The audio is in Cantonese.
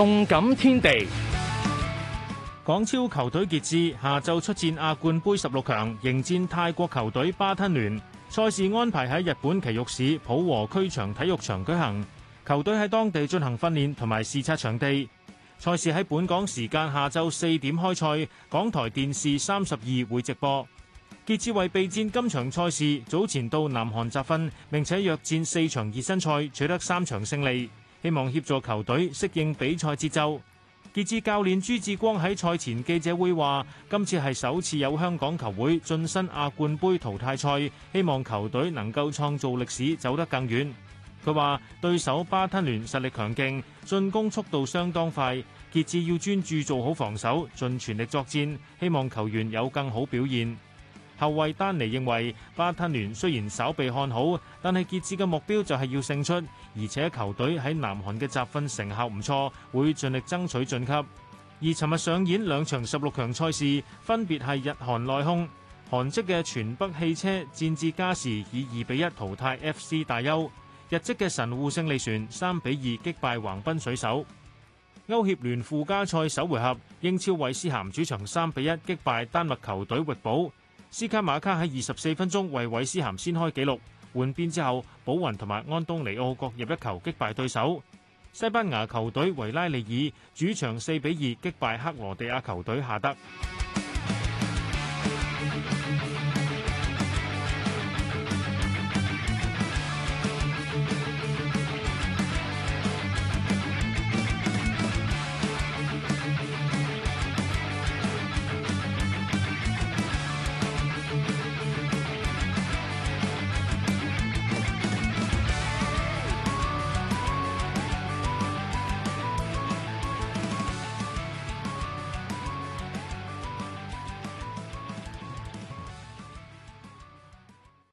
動感天地，港超球隊傑志下晝出戰亞冠杯十六強，迎戰泰國球隊巴吞聯。賽事安排喺日本崎玉市普和區長體育場舉行。球隊喺當地進行訓練同埋視察場地。賽事喺本港時間下晝四點開賽，港台電視三十二會直播。傑志為備戰今場賽事，早前到南韓集訓，並且約戰四場熱身賽，取得三場勝利。希望協助球隊適應比賽節奏。傑志教練朱志光喺賽前記者會話：今次係首次有香港球會晉身亞冠盃淘汰賽，希望球隊能夠創造歷史，走得更遠。佢話：對手巴吞聯實力強勁，進攻速度相當快。傑志要專注做好防守，盡全力作戰，希望球員有更好表現。後衛丹尼認為，巴吞聯雖然稍被看好，但係傑志嘅目標就係要勝出，而且球隊喺南韓嘅集訓成效唔錯，會盡力爭取晉級。而尋日上演兩場十六強賽事，分別係日韓內訌，韓職嘅全北汽車戰至加時以二比一淘汰 F.C. 大邱。日職嘅神戶勝利船三比二擊敗橫濱水手。歐協聯附加賽首回合，英超韋斯咸主場三比一擊敗丹麥球隊域堡。斯卡馬卡喺二十四分鐘為韋斯咸先開紀錄，換邊之後，寶雲同埋安東尼奧各入一球擊敗對手。西班牙球隊維拉利爾主場四比二擊敗克羅地亞球隊夏德。